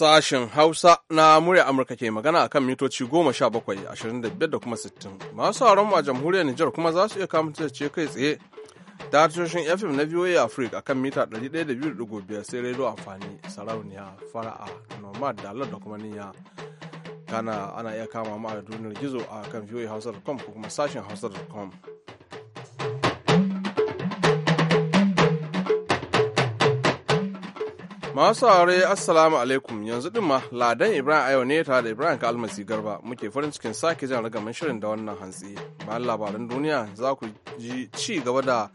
sashen Hausa na murya Amurka ke magana akan mitoci goma sha bakwai ashirin da kuma sittin Masu sauran a jamhuriyar Nijar kuma za su iya kamata ce kai tsaye da tashoshin FM na VOA Africa akan mita ɗari biyar sai rediyo amfani sarauniya fara'a nomad dalar da kuma niyya. Kana ana iya kama mu a duniyar gizo a kan Hausa.com ko kuma sashen hausa.com. Masu aure assalamu alaikum yanzu din ma ladan Ibrahim Ayo ne tare da Ibrahim Kalmasi Garba muke farin cikin sake jan ragaman shirin da wannan hantsi. Bayan labaran duniya za ku ji ci gaba da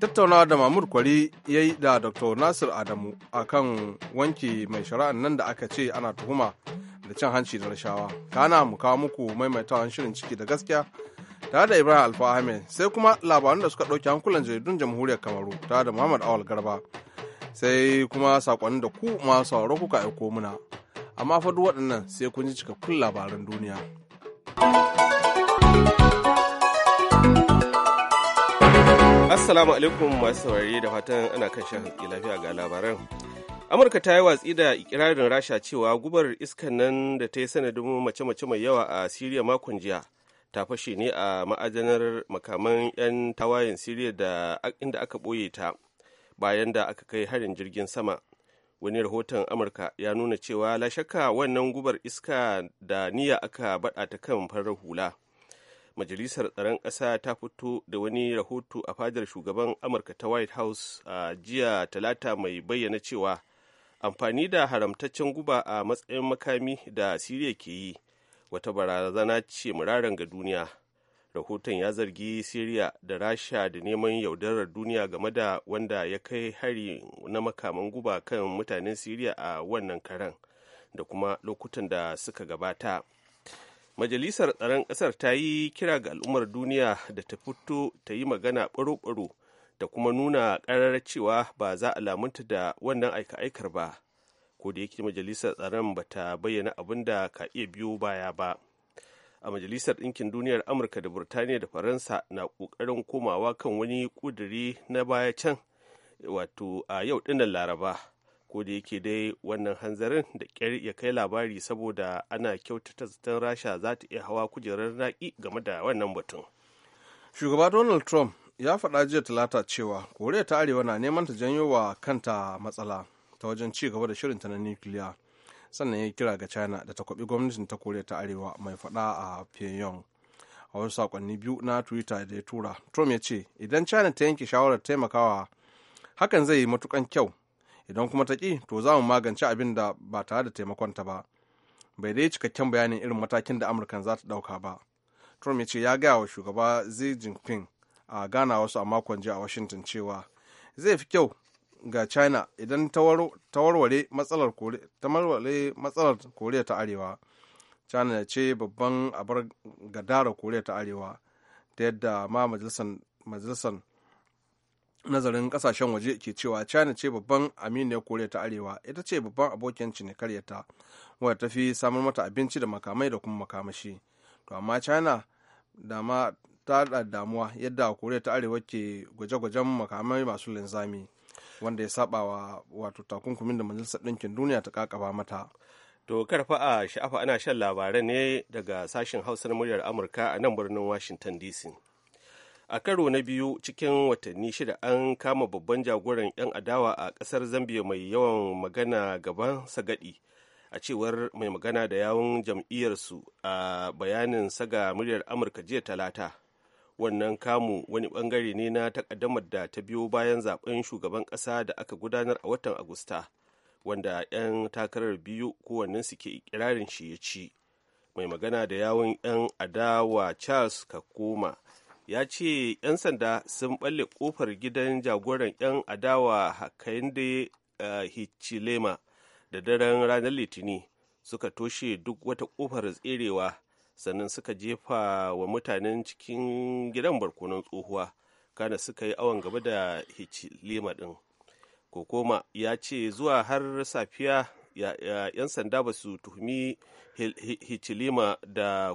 tattaunawa da Mamur Kwari ya yi da Dr. Nasir Adamu akan wanke mai shari'an nan da aka ce ana tuhuma da cin hanci da rashawa. Kana mu kawo muku maimaitawan shirin ciki da gaskiya tare da Ibrahim Alfa sai kuma labaran da suka ɗauki hankulan jaridun jamhuriyar Kamaru tare da Muhammad Awal Garba. sai kuma sakonin da ku masu sauro kuka aiko muna amma fa duk waɗannan sai kun ji cikakkun labaran duniya assalamu alaikum masu saurari da fatan ana kan shan lafiya ga labaran amurka ta yi watsi da ikirarin rasha cewa gubar iskan nan da ta yi sanadin mace-mace mai yawa a siriya makon jiya ta fashe ne a ma'ajanar makaman 'yan tawayen siriya da inda aka ɓoye ta bayan da aka kai harin jirgin sama wani rahoton amurka ya nuna cewa la shakka wannan gubar iska da niyya aka bada ta kan farar hula majalisar tsaron ƙasa ta fito da wani rahoto a fadar shugaban amurka ta white house a jiya talata mai bayyana cewa amfani da haramtaccen guba a matsayin makami da siriya ke yi wata barazana ce muraren ga duniya rahoton ya zargi siriya da rasha da neman yaudarar duniya game da wanda ya kai hari na makaman guba kan mutanen siriya a wannan karen da kuma lokutan da suka gabata majalisar tsaron ƙasar ta yi kira ga al'ummar duniya da ta fito ta yi magana ɓaro-ɓaro da kuma nuna ƙarar cewa ba za a lamunta da wannan aika-aikar ba ko da yake majalisar tsaron ba ta bayyana abin da ka iya biyo baya ba a majalisar ɗinkin duniyar amurka da burtaniya da faransa na ƙoƙarin komawa kan wani ƙuduri na baya can wato a yau ɗinnan laraba ko da yake dai wannan hanzarin da ƙyar ya kai labari saboda ana kyautata zaton rasha za ta iya hawa kujerar naƙi game da wannan batun shugaba donald trump ya faɗa jiya talata cewa koriya ta arewa na neman ta janyo wa kanta matsala ta wajen ci gaba da shirinta na nukiliya sannan ya kira ga china da ta kwabi gwamnatin ta koriya ta arewa mai fada a pyongyang a wasu sakonni biyu na twitter da ya tura trump ya ce idan china ta yanke shawarar taimakawa hakan zai yi matukan kyau idan kuma ta ki to za mu magance abin da ba tare da taimakonta ba bai dai cikakken bayanin irin matakin da amurkan za ta ɗauka ba trump ya ce ya gaya wa shugaba xi jinping a gana wasu a makon jiya a washington cewa zai fi kyau ga china idan ta warware matsalar koriya ta arewa china ce babban abar gadara koriya ta arewa ta yadda ma majalisar nazarin kasashen waje ke cewa china ce babban aminiyar koriya ta arewa ita ce babban abokin cinikaryarta wadda ta fi samar mata abinci da makamai da kuma makamashi to amma china ma ta damuwa yadda koriya ta arewa ke gwaje-gwajen makamai masu linzami wanda ya saba wa wato takunkumin da majalisar ɗinkin duniya ta kakaba mata to karfa a sha'afa ana shan labarai ne daga sashen hausa na muryar amurka a nan birnin washington dc a karo na biyu cikin watanni shida an kama babban jagoran 'yan adawa a ƙasar zambia mai yawan magana gaban sagadi a cewar mai magana da yawun jam'iyyarsu a bayanin saga muryar amurka jiya talata wannan kamu wani bangare ne na takaddamar da ta biyo bayan zaben shugaban ƙasa da aka gudanar a watan agusta wanda 'yan takarar biyu su ke ikirarin shi ya ci mai magana da yawon 'yan adawa charles kakoma ya ce 'yan sanda sun balle kofar gidan jagoran 'yan adawa hakainde eh, hichilema da daren ranar litini suka toshe duk wata kofar tserewa sannan suka jefa wa mutanen cikin gidan barkonon tsohuwa kana suka yi awon gaba da hichilima din kokoma ya ce zuwa har safiya yan sanda ba su tuhumi hichilima da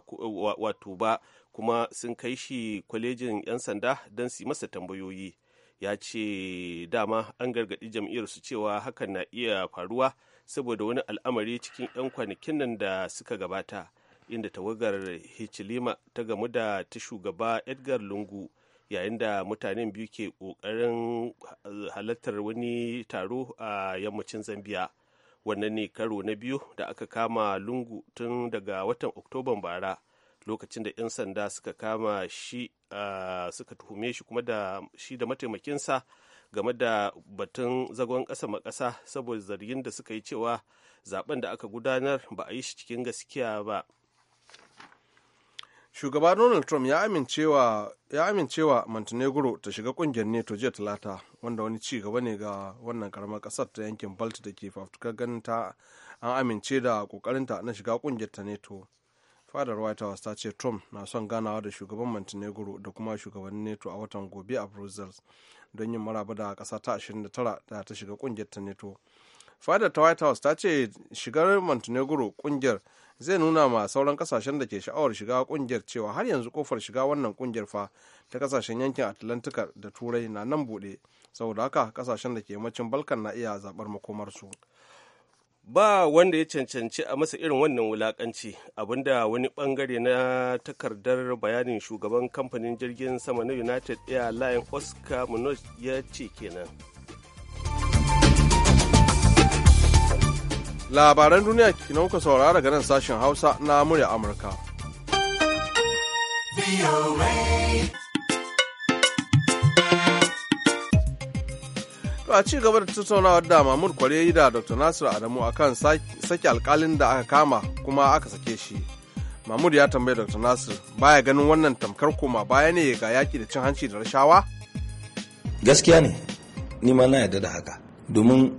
wato ba kuma sun kai shi kwalejin yan sanda don su yi masa tambayoyi ya ce dama an gargaɗi jam'iyyarsu cewa hakan na iya faruwa saboda wani al'amari cikin 'yan kwanakin nan da suka gabata inda tawagar hichilima ta gamu da ta shugaba edgar lungu yayin da mutanen biyu ke kokarin halartar wani taro a yammacin zambia wannan ne karo na biyu da aka kama lungu tun daga watan oktoban bara lokacin da 'yan sanda suka kama shi suka tuhume shi kuma da shi da mataimakinsa game da batun zagon ƙasa makasa saboda zargin da suka yi cewa zaben da aka gudanar ba a yi shi cikin gaskiya ba shugaba donald trump ya amincewa ya amincewa montenegro ta shiga kungiyar neto jiya talata wanda wani ci gaba ne ga wannan karamar kasar ta yankin balti da ke fafutukar ganin ta an amince da kokarinta na shiga kungiyar ta neto fadar white house ta ce trump na son ganawa da shugaban montenegro da kuma shugaban neto a watan gobe a brussels don yin maraba da kasa ta 29 da ta shiga kungiyar ta neto fadar ta white house ta ce shigar montenegro kungiyar zai nuna ma sauran kasashen da ke sha'awar shiga kungiyar cewa har yanzu kofar shiga wannan kungiyar fa ta kasashen yankin atlantika da turai na nan bude saboda haka kasashen da ke yammacin balkan na iya zaɓar makomarsu ba wanda ya cancanci a masa irin wannan wulakanci abinda wani bangare na takardar bayanin shugaban kamfanin jirgin sama na united air line oscar munoz ya ce kenan labaran duniya kinan kuka saurara daga nan sashen hausa na murya amurka a ci gaba da tattaunawa da Mahmud Kware da Dr. Nasiru Adamu akan sake alkalin da aka kama kuma aka sake shi. mamur ya tambaye Dr. Nasir baya ganin wannan tamkar koma baya ne ga yaki da cin hanci da rashawa? Gaskiya ne, ni ma na yarda da haka. Domin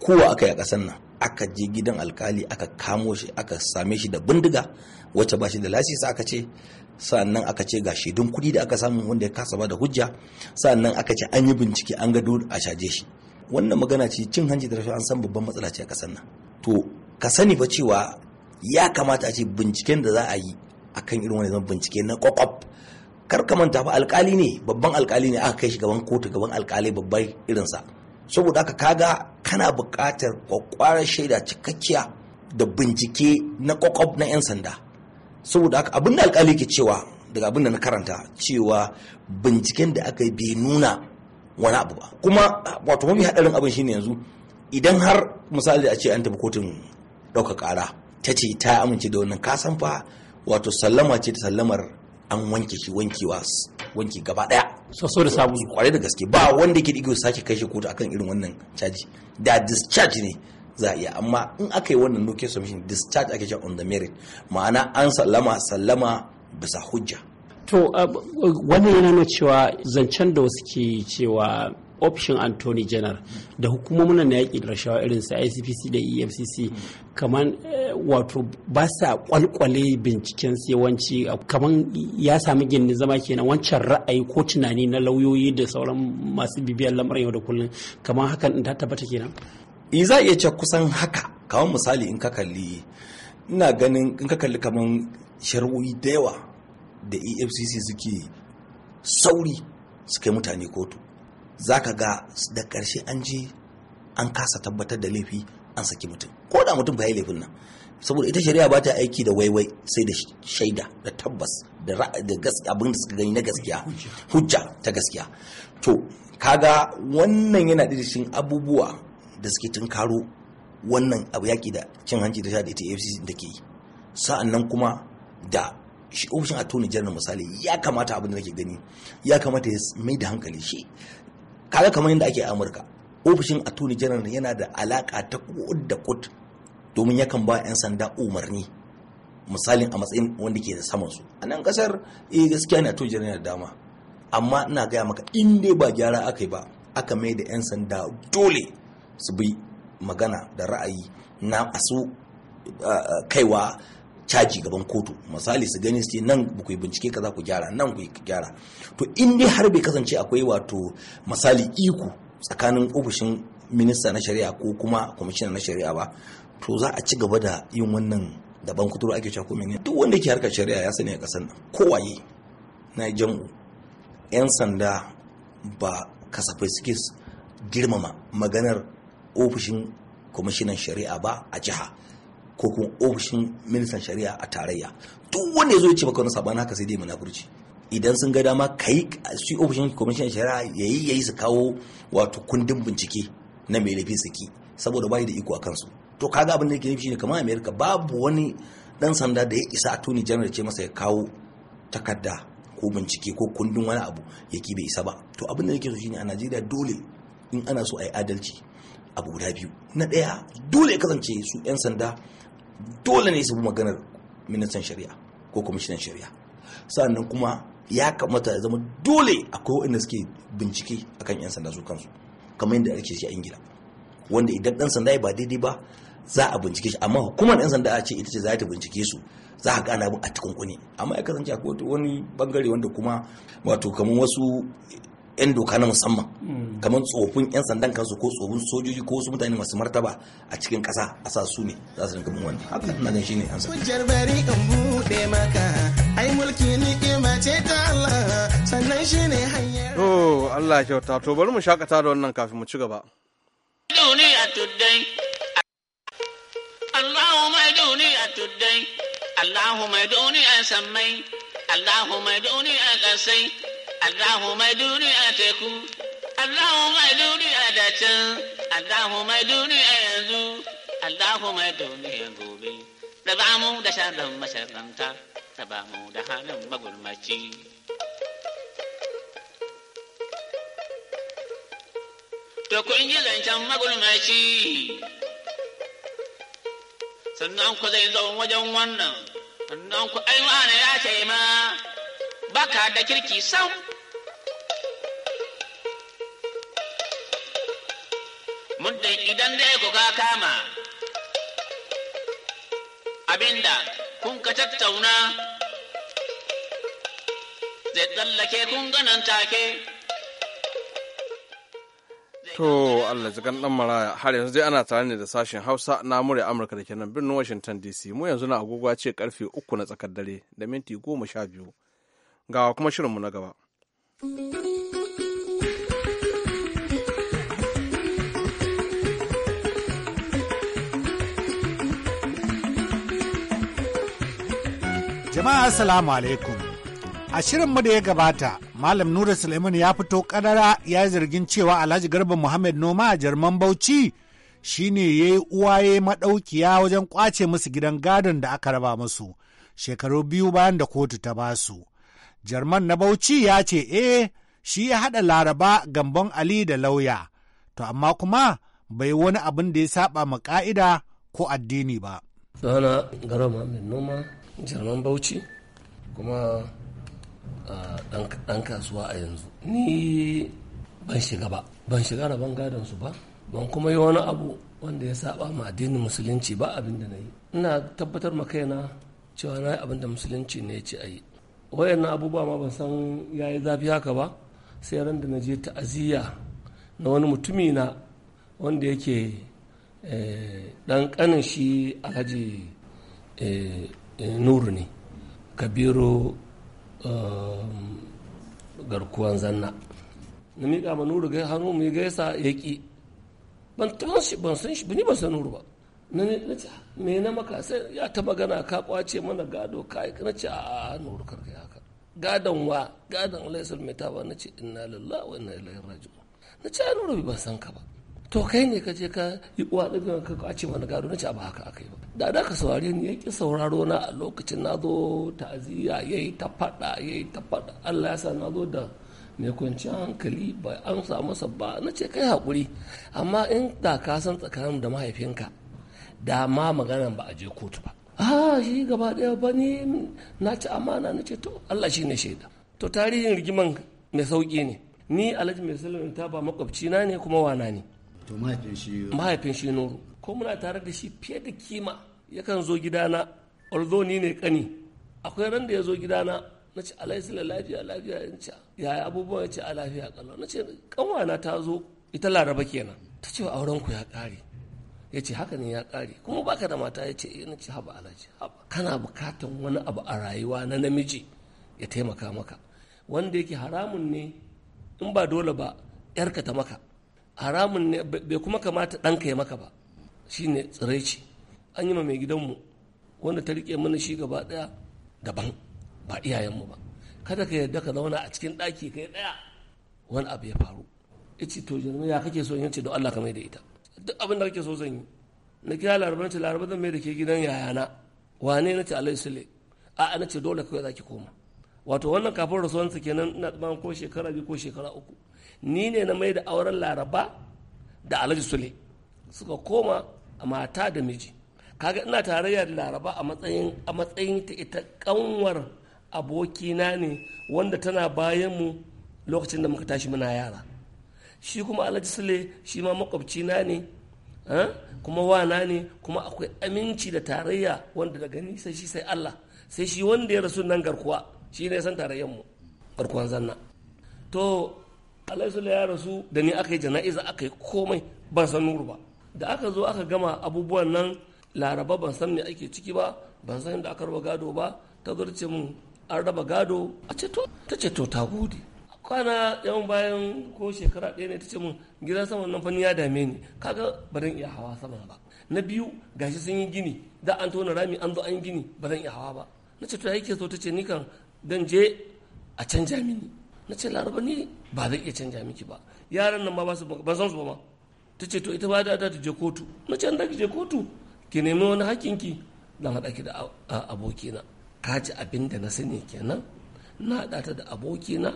kowa aka yi a ƙasar nan aka je gidan alkali aka kamo shi aka same shi da bindiga wacce ba shi da lasisi aka ce sa'annan aka ce ga shaidun kuɗi da aka samu wanda ya kasa ba da hujja sa'annan aka ce an yi bincike an ga a caje shi wannan magana ce cin hanci da an san babban matsala ce a kasar nan to ka sani ba cewa ya kamata a ce binciken da za a yi akan irin wani bincike na kwakwaf kar ka manta ba alkali ne babban alkali ne aka kai shi gaban kotu gaban alkali babbai irinsa saboda haka kaga kana buƙatar kwakwarar shaida cikakkiya da bincike na kwakwab na 'yan sanda saboda haka abin da alkali ke cewa daga abin da na karanta cewa binciken da aka yi bai nuna wani abu ba kuma wato mafi haɗarin abin shine yanzu idan har misali da a ce an tafi kotun ɗauka ƙara ta ce ta amince da wannan kasan fa wato sallama ce ta sallamar an wanke shi wankewa gaba ɗaya so da su kwarai da gaske ba wanda ke digo sake kai shi kotu akan irin wannan caji da discharge ne za a iya amma in aka yi wannan no submission discharge ake cewa on the merit ma'ana an sallama sallama bisa hujja to uh, wannan yana nuna cewa zancen da wasu ke cewa option Anthony General da hukumomin na yaƙi da rashawa irin su ICPC da EFCC kamar eh, wato ba sa kwalkwale binciken yawanci kamar ya sami gini zama kenan wancan ra'ayi ko tunani na lauyoyi da sauran masu bibiyar lamarin yau da kullum kamar hakan ta tabbata kenan. I eh, za iya ce kusan haka kawo misali in ka kalli ina ganin in ka kalli kamar shari'o'i da yawa da efcc suke sauri suke mutane kotu za ka ga da ƙarshe an ji an kasa tabbatar da laifi an saki mutum ko da mutum ba ya laifin nan saboda ita shari'a ba ta aiki da waiwai sai da shaida da tabbas da abin da suka gani na gaskiya hujja ta gaskiya to kaga wannan yana da cikin abubuwa da suke tunkaro wannan abu yaki da cin hanci da sha da ita afcc da ke yi sa'an nan kuma da shi ofishin attorney general misali ya kamata abin da nake gani ya kamata ya mai da hankali shi kaga kamar yadda ake amurka ofishin attorney general yana da alaka ta kot da kot domin yakan ba 'yan sanda umarni misalin a matsayin wanda ke da saman su a nan kasar eh gaskiya ne attorney general da dama amma ina gaya maka in dai ba gyara aka yi ba aka mai da 'yan sanda dole su bi magana da ra'ayi na asu eh, kaiwa caji gaban kotu misali su gani su nan ku yi bincike kaza ku gyara nan ku yi gyara to in dai har bai kasance akwai wato misali iko tsakanin ofishin minista na shari'a ko kuma kwamishina na shari'a ba to za a ci gaba da yin wannan daban kuturo ake cewa komai duk wanda ke harkar shari'a ya sani a kasar nan kowaye na jam'u yan sanda ba kasafai suke girmama maganar ofishin kwamishinan shari'a ba a jiha ko kuma ofishin ministan shari'a a tarayya duk wanda ya zo ya ce maka wani sabani haka sai dai munafurci idan sun ga dama kai su ofishin kwamishin shari'a yayi yi su kawo wato kundin bincike na mai laifi saki saboda bai da iko a kansu to kaga abin da yake nufi shine kamar America babu wani dan sanda da ya isa attorney general ce masa ya kawo takarda ko bincike ko kundin wani abu yake bai isa ba to abin da yake so shine a Najeriya dole in ana so a yi adalci abu guda biyu na ɗaya dole ya kasance su 'yan sanda dole ne su bi maganar ministan shari'a ko kwamishinan shari'a sannan kuma ya kamata ya zama dole akwai waɗanda suke bincike akan 'yan sanda su kansu kamar yadda ake shi a ingila wanda idan dan sanda ya ba daidai ba za a bincike shi amma hukumar 'yan sanda a ce ita ce za ta bincike su za a gana bin a tukunkuni amma ya kasance akwai wani bangare wanda kuma wato kamar wasu 'yan doka na musamman hmm. kamar tsofin 'yan sandan kansu ko tsofin sojoji ko wasu mutane masu martaba a cikin kasa a sa su ne za su rinka bin wani. haka nan shine an sa kujar bari in bude maka ai mulki ni kima ce ta Allah sannan shine hanyar Oh Allah kyauta to bari mu shakata da wannan kafin mu ci gaba duniya tuddai Allahumma duniya tuddai Allahumma duniya sammai Allahumma duniya kasai Allahumma duniyatakum Allahumma duniyatan Allahumma duniya yanzu Allahumma duniya gobe raba mu da sharrin masharranta raba mu da halin magulmaci To kun yi zancen magulmaci sannan ku zai zo wajen wannan sannan ku aiwa ya ce ma baka da kirki sam muddin idan dai ya ka kama abinda kun ka tattauna zai tsallake kun ganan take To Allah zigan dan maraya har yanzu dai ana tare ne da sashen Hausa na murya Amurka da ke nan birnin Washington DC. Mu yanzu na agogo ce karfe uku na tsakar dare da minti goma sha biyu. Ga kuma shirinmu na gaba. Jama'a Assalamu alaikum. A shirinmu da ya gabata, Malam Nura Suleiman ya fito kadara ya yi zargin cewa Alhaji Garba Muhammad Noma a Jarman Bauchi shi ne ya yi uwaye maɗaukiya wajen kwace musu gidan gadon da aka raba musu shekaru biyu bayan da kotu ta ba su. Jarman na Bauchi ya ce, "Eh, shi ya haɗa Laraba Gambon Ali da lauya, to amma kuma bai wani abin da ya saba ma ko addini ba." Sana Garba Noma jarman bauchi kuma dan kasuwa a yanzu ni ban shiga ba ban shiga rabon gadon su ba ban kuma yi wani abu wanda ya saba ma addinin musulunci ba abin da na yi ina tabbatar ma kaina cewa na yi abin da musulunci ne ce a yi wayannan abubuwa ma ban san ya yi zafi haka ba sai ran da na je ta'aziyya na wani mutumi na wanda yake dan eh, kanin shi alhaji eh, Eh, nuru ne kabiru um, garkuwan zanna na miƙa ma nuru ga hannu mai gaisa ya ƙi ban taɓa shi ban san shi ni ban san nuru ba na ce me na maka sai ya ta magana ka kwace mana gado ka na ce a nuru karka ya haka gadon wa gadon alaihi salmai ta ba na ce inna lallawa wa inna ilaihi raji'un na ce nuru ban san ka ba to kai ne ka je ka yi uwa ɗin ka ce wani gado na ce ba haka aka yi ba da da ka saurare ya yake sauraro na a lokacin na zo ta'aziyya ya yi ta faɗa ya yi ta faɗa Allah ya sa na zo da mai kwanciyar hankali ba an samu masa ba na ce kai hakuri. amma in da ka san tsakanin da mahaifinka da ma magana ba a je kotu ba a ah, shi gaba ɗaya ba ni na ci amana na ce to Allah shi ne shaida to tarihin rigiman mai sauƙi ne ni alhaji mai salon ta ba makwabci na ne kuma wana ne to mahaifin shi mahaifin shi nuru ko muna tare da shi fiye da kima yakan zo gidana although ni ne kani akwai ran da ya zo gidana na ce alaisila lafiya lafiya in ce yaya abubuwan ya ce a lafiya kallo na ce kanwana ta zo ita laraba kenan ta ce auren ku ya kare ya ce haka ne ya kare kuma baka da mata ya ce eh na ce haba alaji haba kana bukatan wani abu a rayuwa na namiji ya taimaka maka wanda yake haramun ne in ba dole ba yarka maka haramun ne bai kuma kamata ɗanka ya maka ba shine tsiraici an yi ma mai gidanmu wanda ta rike mana shi gaba ɗaya daban ba iyayenmu ba kada ka yarda ka zauna a cikin ɗaki kai ɗaya wani abu ya faru ice to jirgin ya kake so in ce don Allah ka mai da ita duk abin da kake so zan yi na kira larabar ce larabar zan mai da ke gidan yayana wane na ce alai sule a'a na ce dole kawai za ki koma wato wannan kafin rasuwansa kenan na tsammanin ko shekara biyu ko shekara uku ni ne na mai da auren laraba da alhaji sule suka koma a mata da miji kaga ina tarayya da laraba a matsayin a matsayin ta ita kanwar abokina ne wanda tana bayan mu lokacin da muka tashi muna yara shi kuma alhaji sule shi ma makwabcina ne ah, kuma wana ne kuma akwai aminci da tarayya wanda daga nisa shi sai allah sai shi wanda ya rasu nan garkuwa shi ne san tarayyar mu garkuwan zanna to alhaji ya rasu da ni aka yi jana'iza aka yi komai ban san nuru ba da aka zo aka gama abubuwan nan laraba ban san me ake ciki ba ban san da aka raba gado ba ta zurce mun an raba gado a ceto ta ceto ta gode kwana yawan bayan ko shekara ɗaya ne ta ce mun gidan saman nan fani ya dame ni kaga ba zan iya hawa saman ba na biyu gashi sun yi gini da an tona rami an zo an gini ba zan iya hawa ba na ce to yake so ta ce ni kan dan je a canja mini na ce laraba ni ba zai iya canja miki ba yaran nan ma ba su ba san su ba ta ce to ita ba da ta je kotu na ce an daki ki je kotu ki nemi wani hakinki dan haɗa ki da abokina ka ji abin da na sani kenan na haɗa ta da abokina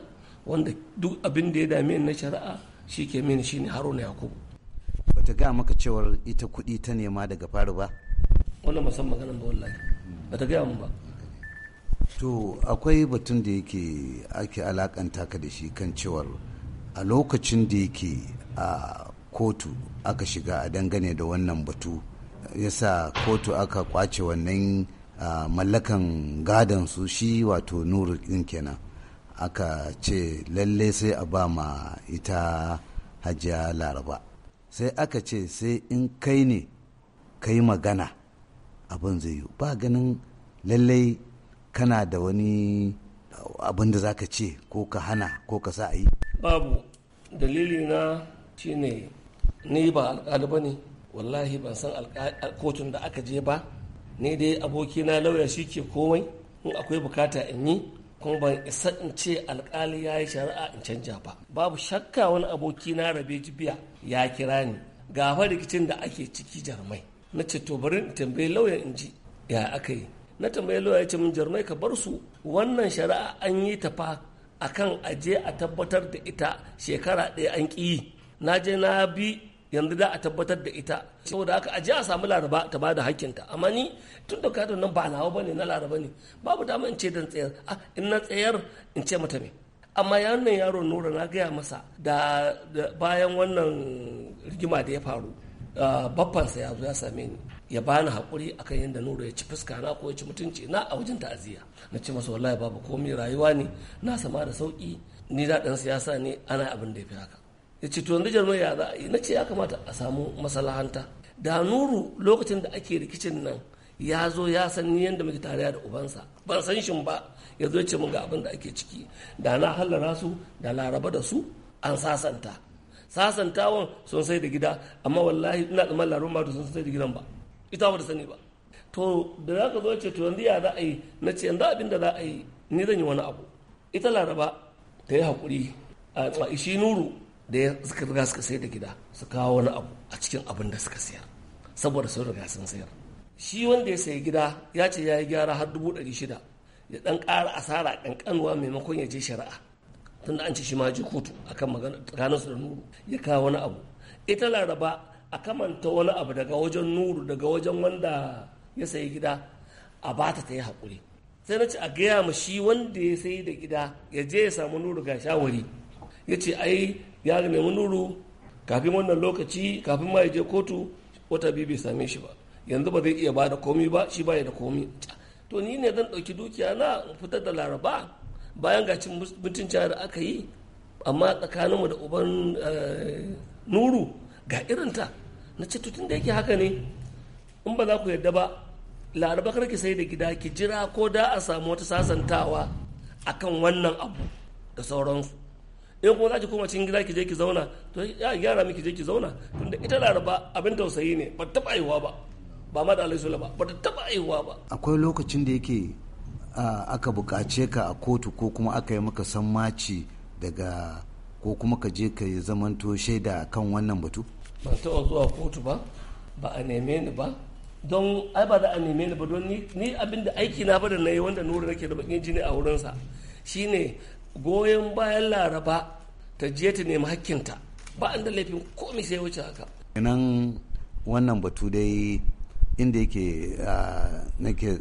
wanda duk abin da ya dame ni na shari'a shi ke mini shine haruna yakubu bata ga maka cewar ita kuɗi ta nema daga faru ba wannan musamman ganin ba wallahi bata gaya mun ba To akwai batun da yake ake alakanta ka da shi kan cewar a lokacin da yake a kotu aka shiga a dangane da wannan batu yasa kotu aka kwace wannan mallakan gadon su shi wato nuru din kenan aka ce lalle sai a ba ma ita hajiya laraba sai aka ce sai in kai ne kai magana abin zai yi ba ganin lallai kana da wani abin da za ka ce ko ka hana ko ka sa a yi babu dalili na ne, ni ba alƙali ba ne wallahi ban san kotun da aka je ba ni dai abokina lauya shi ke komai in akwai bukata in yi kuma ban isa in ce alƙali ya yi shari'a in canja ba babu shakka wani abokina rabe jibiya ya kira ni gafa rikicin da ake ciki jarumai. na ce to bari in tambayi lauya in ji ya aka yi na tambayi lawyer ya ce min jarumai ka bar su wannan shari'a an yi ta fa akan aje a tabbatar da ita shekara ɗaya an yi na je na bi yanzu da a tabbatar da ita saboda haka aje a samu laraba ta ba da hakkinta amma ni tun da kadon nan ba nawa bane na laraba ne babu dama in ce dan tsayar a ah, in na tsayar in ce mata me amma nan yaro nura na gaya masa da bayan wannan rigima da ya faru ah, baffansa ya zo ya same ni ya bani haƙuri akan yadda nuru ya ci fuska na ko ya ci mutunci na a wajen ta'aziyya na ce masa wallahi babu komai rayuwa ne na sama da sauki ni da dan siyasa ne ana abin da ya fi haka ya ce to yanzu jarumai ya za a yi na ce ya kamata a samu masalahanta da nuru lokacin da ake rikicin nan ya zo ya san ni yadda muke tare da ubansa ban san shin ba ya zo ya ce mu ga abin da ake ciki da na hallara su da laraba da su an sasanta sasantawan sun sai da gida amma wallahi ina tsammanin larun ma sun sai da gidan ba ita ba da sani ba to da za ka zo ce to yanzu ya za a yi na ce yanzu abin da za a yi ni zan yi wani abu ita laraba ta yi haƙuri a shi nuru da ya suka riga suka sayar da gida su kawo wani abu a cikin abin da suka sayar saboda sun riga sun sayar shi wanda ya sayi gida ya ce ya yi gyara har dubu ɗari shida ya ɗan ƙara asara ƙanƙanuwa maimakon ya je shari'a tunda an ci shi ma je kotu akan magana su da nuru ya kawo wani abu ita laraba a kamanta wani abu daga wajen nuru daga wajen wanda ya sayi gida a bata ta yi haƙuri sai na ce a gaya ma shi wanda ya sayi da gida ya je ya samu nuru ga shawari ya ce ai ya nemi nuru kafin wannan lokaci kafin ma ya je kotu wata biyu bai same shi ba yanzu ba zai iya ba da komi ba shi baya da komi to ni ne zan ɗauki dukiya na fitar da laraba bayan ga cin mutuncin da aka yi amma tsakaninmu da uban eh, nuru ga irinta na ce tutun da yake haka ne in ba za ku yadda ba laraba karki sai da gida ki jira ko da a samu wata sasantawa a kan wannan abu da sauransu in kuma za ki koma cikin gida ki je ki zauna to ya gyara miki je ki zauna tunda ita laraba abin tausayi ne ba taba aihuwa ba ba ma da alaihi ba ba ta taba aihuwa ba akwai lokacin da yake aka buƙace ka a kotu ko kuma aka yi maka sammaci daga ko kuma ka je ka zamanto shaida kan wannan batu ban taɓa zuwa kotu ba ba a neme ni ba don ai ba za a neme ni ba don ni abin da aiki na bada na yi wanda nuru nake da bakin jini a wurinsa shine goyon bayan laraba ta je ta nemi hakkinta ba an da laifin komai sai wuce haka nan wannan batu dai inda yake nake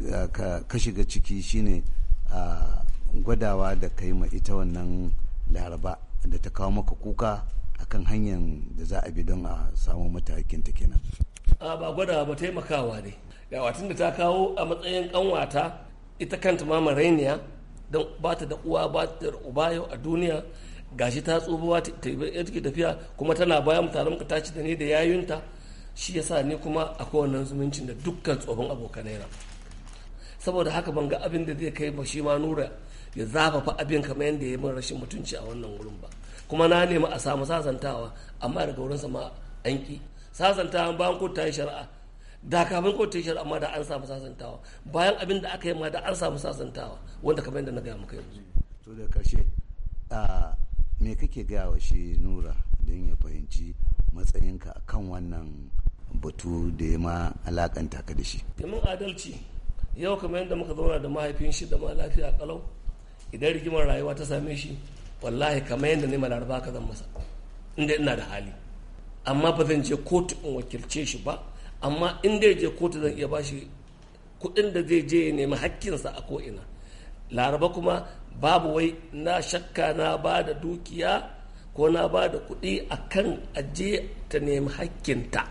ka shiga ciki shine gwadawa da kai ma ita wannan laraba da ta kawo maka kuka akan hanyar da za a bi don a samu mata hakinta kenan a ba gwada ba taimakawa ne yawatin da ta kawo a matsayin kanwata ita kanta ma marainiya don ba ta da uwa ba ta da uba yau a duniya gashi ta tsubuwa ta yi tafiya kuma tana bayan mutane ka tashi da ni da yayunta shi yasa ni kuma a kowane zumuncin da dukkan tsohon abokanai saboda haka ban ga abin da zai kai ba shi ma nura ya zafafa abin kamar yadda ya min rashin mutunci a wannan wurin ba kuma na nemi a samu sasantawa amma daga wurinsa ma an ki sasantawa bayan ko ta yi shari'a da kafin ko ta yi shari'a ma da an samu sasantawa bayan abin da aka yi ma da an samu sasantawa wanda kamar yadda na gaya maka yanzu. to da karshe me kake gaya wa shi nura don ya fahimci matsayinka kan wannan batu da ya ma alakanta ka da shi. adalci yau kamar yadda muka zauna da mahaifin shi da ma lafiya kalau idan rigimar rayuwa ta same shi wallahi kamar yadda ne malaraba ka zan masa inda ina da hali amma ba zan je kotu in wakilce shi ba amma inda ya je kotu zan iya shi, kuɗin da zai je ya nemi hakkinsa a ko'ina laraba kuma babu wai na shakka na ba da dukiya ko na ba da kuɗi a kan aje ta nemi hakkinta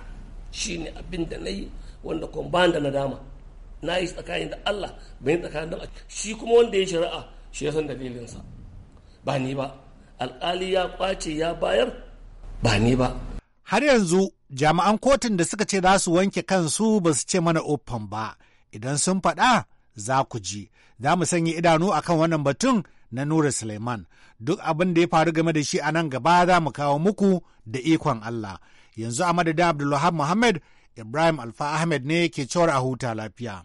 shi ne abin da na yi wanda kuma da nadama na yi tsakanin da allah bai tsakanin da shi kuma wanda ya shari'a shi ya san dalilinsa ba ni ba alkali ya kwace ya bayar ba ni ba har yanzu jami'an kotun da suka ce za su wanke kansu ba su ce mana ofan ba idan sun faɗa za ku ji za mu sanya idanu akan wannan batun na nura suleiman duk abin da ya faru game da shi a nan gaba za mu kawo muku da ikon allah yanzu a madadin abdulwahab muhammad ibrahim alfa ahmed ne ke cewar a huta lafiya.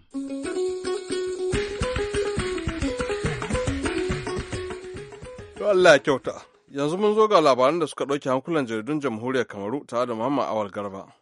To Allah kyauta. Yanzu mun zo ga labaran da suka ɗauki hankulan jaridun jamhuriyar Kamaru tare da Muhammad Awal Garba.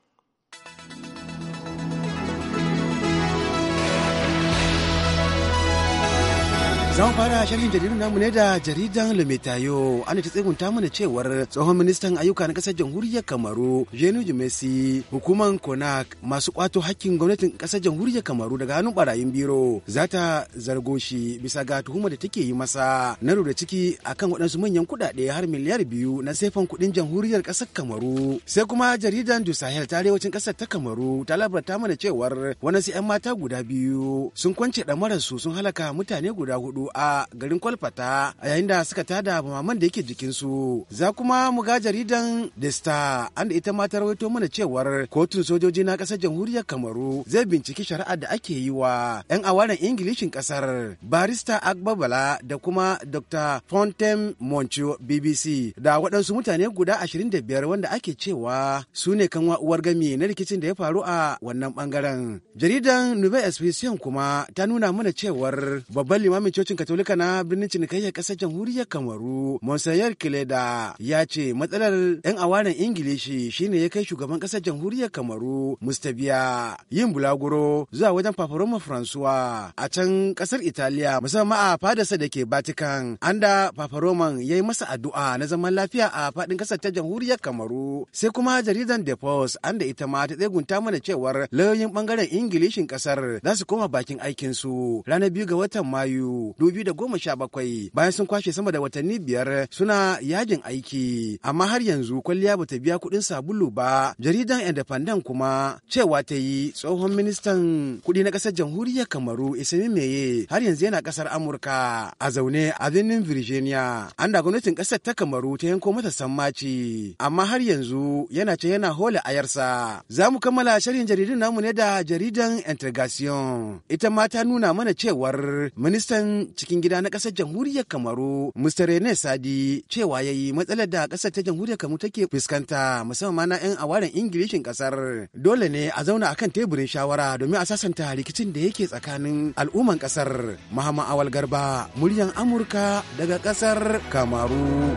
Zan fara shirin jaridun namu ne da jaridan Lumitayo an ta tsegunta mana cewar tsohon ministan ayyuka na kasar jamhuriyar Kamaru Jenu Jumesi hukuman Konak masu kwato hakkin gwamnatin kasar jamhuriyar Kamaru daga hannun barayin biro za ta zargo shi bisa ga tuhumar da take yi masa na rura ciki akan waɗansu manyan kuɗaɗe har miliyar biyu na sefan kuɗin jamhuriyar kasar Kamaru. Sai kuma jaridan Du Sahel ta arewacin kasar ta Kamaru ta labarta mana cewar wani 'yan mata guda biyu sun kwance ɗamararsu sun halaka mutane guda hudu a garin Kwalfata a yayin da suka tada maman da yake jikinsu. Za kuma mu ga jaridan The Star an da ita ma ta rawaito mana cewar kotun sojoji na ƙasar jamhuriyar Kamaru zai binciki shari'ar da ake yi wa 'yan awaren Ingilishin ƙasar barista Agbabala da kuma Dr. Fontem Moncho BBC da waɗansu mutane guda 25 wanda ake cewa su ne kanwa uwar gami na rikicin da ya faru a wannan bangaren. Jaridan Nouvelle Expression kuma ta nuna mana cewar babban limamin cocin cocin katolika na birnin cinikayyar ƙasar jamhuriyar kamaru monsignor kileda ya ce matsalar 'yan awaren ingilishi shine ya kai shugaban ƙasar jamhuriyar kamaru mustabiya yin bulaguro zuwa wajen paparoma francois a can ƙasar italiya musamman a fadarsa da ke vatican an da paparoman ya yi masa addu'a na zaman lafiya a faɗin ƙasar ta jamhuriyar kamaru sai kuma jaridan de post an da ita ma ta tsegunta mana cewar lauyoyin ɓangaren ingilishin ƙasar za su koma bakin aikinsu ranar biyu ga watan mayu 2017 bayan sun kwashe sama da watanni biyar suna yajin aiki amma har yanzu kwalliya bata biya kuɗin sabulu ba jaridan independent kuma cewa ta yi tsohon ministan kuɗi na ƙasar jamhuriyar kamaru isami meye har yanzu yana ƙasar amurka a zaune a birnin virginia an da gwamnatin ƙasar ta kamaru ta yanko mata sammaci amma har yanzu yana ce yana hola ayarsa za mu kammala shirin jaridun namu ne da jaridan integration ita ma ta nuna mana cewar ministan cikin gida na ƙasar jamhuriyar kamaru mr rene sadi cewa ya yi matsalar da ƙasar ta jamhuriyar kamaru take fuskanta musamman na 'yan awarin ingilishin ƙasar dole ne a zauna akan teburin shawara domin a sasanta rikicin da yake tsakanin al'umman ƙasar mahama awal garba muryan amurka daga ƙasar kamaru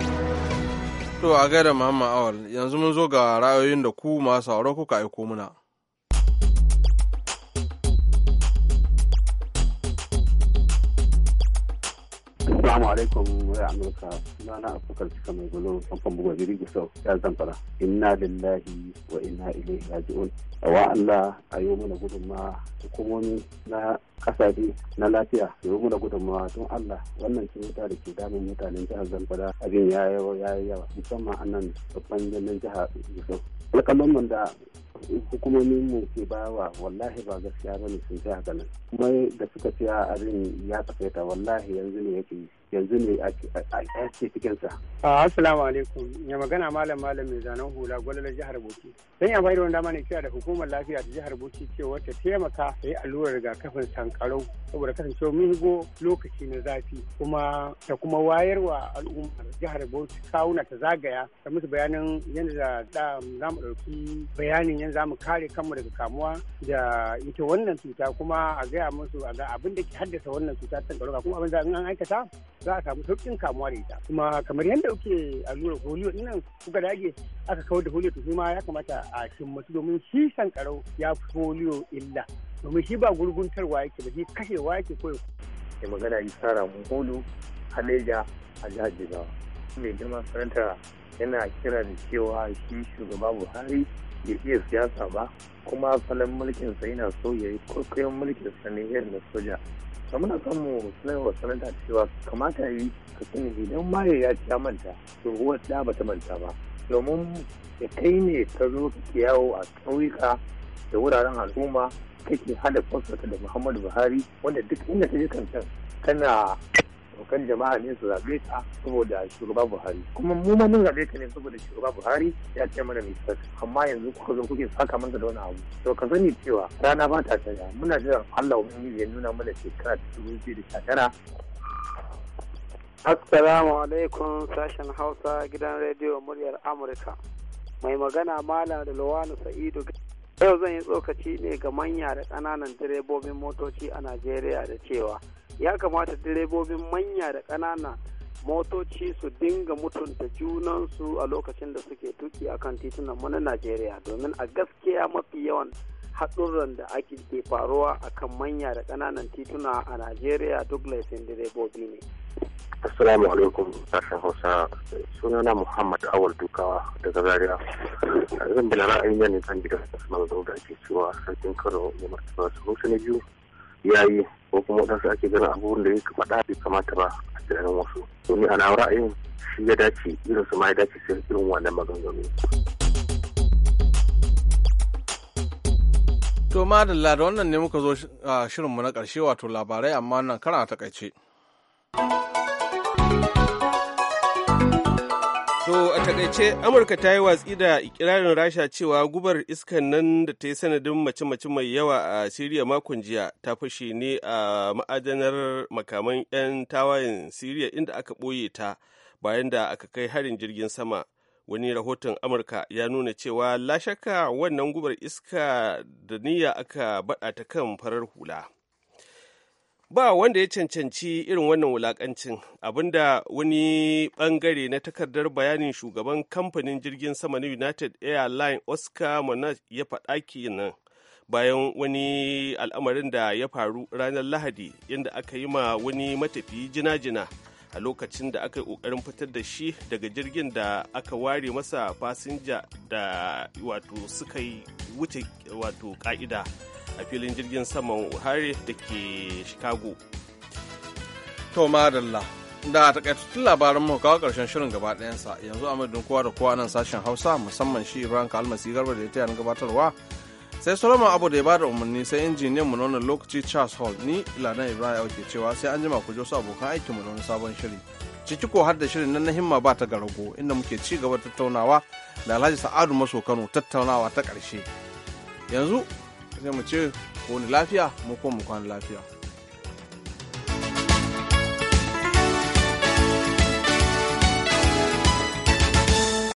to a gaida muhammad awal yanzu mun zo ga ra'ayoyin da ku masu kuka aiko muna Assalamu alaikum wa Amurka sunana Abubakar Cika mai gulo kamfan buga jiri sau ya zamfara inna lillahi wa inna ilaihi raji'un wa Allah a yi mana gudunma hukumomi na kasashe na lafiya su yi mana gudunmawa don Allah wannan cuta da ke damun mutanen jihar Zamfara abin ya yi yawa musamman a nan babban birnin jihar Gusau. Alƙalan da hukumomin mu ke bawa wallahi ba gaskiya bane sun ce haka nan kuma da suka ce abin ya tsakaita wallahi yanzu ne yake yanzu ne a ce sa. Ah, assalamu alaikum ya magana malam malam mai zanen hula gwalala jihar Bauchi. Zan yi amfani da wani dama ne kira da hukumar lafiya ta jihar Bauchi cewa ta taimaka ta yi allurar rigakafin sankarau saboda kasancewa mun go lokaci na zafi kuma ta kuma wayarwa al'ummar jihar Bauchi kawuna ta zagaya ta musu bayanin yadda za mu ɗauki bayanin yadda za mu kare kanmu daga kamuwa da ita wannan cuta kuma a gaya musu a ga abin da ke haddasa wannan cuta ta kuma abin da an aikata za a samu sauƙin kamuwa da ita kuma kamar yadda kuke allurar foliyo din nan kuka dage aka kawar da foliyo to shi ya kamata a himmatu domin shi sankarau ya fi illa domin shi ba gurguntarwa yake ba shi kashewa yake koyo. ya magana yi isa mun holu haleja a jihar jigawa mai girma saranta yana kira da cewa shi shugaba buhari bai iya siyasa ba kuma salon mulkinsa yana so ya yi mulkin mulkinsa ne irin na soja da muna kan mu sanarwa sanata cewa kamata yi ka sani idan maye ya ci manta to uwar da ba ta manta ba domin ya kai ne ka zo ka yawo a ƙauyuka da wuraren al'umma kake hada kwasa da muhammadu buhari wanda duk inda ta je kancan kana kan jama'a ne su zaɓe ta saboda shugaba Buhari kuma mu ma mun zaɓe ka ne saboda shugaba Buhari ya ce mana mai amma yanzu kuka zo kuke saka mun da wani abu to ka sani cewa rana ba ta tsaya muna jiran Allah ubangiji ya nuna mana shekara ta dubu biyu da sha tara Assalamu alaikum sashen Hausa gidan rediyo muryar Amurka. Mai magana Malam Lawanu Sa'idu. Yau zan yi tsokaci ne ga manya da ƙananan direbobin motoci a Najeriya da cewa ya kamata direbobin manya da ƙanana motoci su dinga mutunta junansu a lokacin da suke tuki akan titunan mu na najeriya domin a gaskiya mafi yawan haɗurran da ake ke faruwa kan manya da ƙananan tituna a najeriya duk laifin direbobi ne assalamu alaikum sashen hausa sunana muhammad awal dukawa daga zaria zan lara ra'ayi ne kan gidan da ake cewa sarkin karo da martaba su na biyu yayi ko kuma wadansu ake ganin abubuwan da ya faɗa bai kamata ba a tunanin wasu domin ana ra'ayin shi ya dace irin su ma ya dace sai irin wannan maganganu. To madalla da wannan ne muka zo ah, shirinmu na ƙarshe wato labarai amma nan kara a takaice. To a takaice Amurka ta yi watsi da ikirarin Rasha cewa gubar iskan nan da ta yi sanadin mace-mace mai yawa a Siriya makon jiya ta fashe ne a ma'adanar makaman 'yan tawayen Siriya inda aka ɓoye ta bayan da aka kai harin jirgin sama. Wani rahoton Amurka ya nuna cewa lashaka wannan gubar iska da niyya aka baɗa ta kan farar hula. ba wanda ya cancanci irin wannan wulakancin abinda wani bangare na takardar bayanin shugaban kamfanin jirgin sama na united airline oscar monat ya faɗa kenan bayan wani al'amarin da ya faru ranar lahadi inda aka yi ma wani matafiyi jina-jina a lokacin da aka yi ƙoƙarin fitar da shi daga jirgin da aka ware masa fasinja da wato suka yi wuce wato ƙa'ida. a filin jirgin saman O'Hare da ke Chicago. To madalla da takaitattun labaran mu kawo karshen shirin gaba ɗayansa yanzu a madadin kowa da kowa nan sashen Hausa musamman shi Ibrahim Kalmasi Garba da ya taya gabatarwa sai Solomon Abu da ya bada umarni sai injiniyan mu wannan lokaci Charles Hall ni Ladan Ibrahim ke cewa sai an jima ku jo su abokan aikin mu na wani sabon shiri ciki ko har da shirin nan na himma ba ta garago inda muke ci gaba tattaunawa da Alhaji Sa'adu Maso Kano tattaunawa ta ƙarshe yanzu sai mu ce ni lafiya mu ko mu kwana lafiya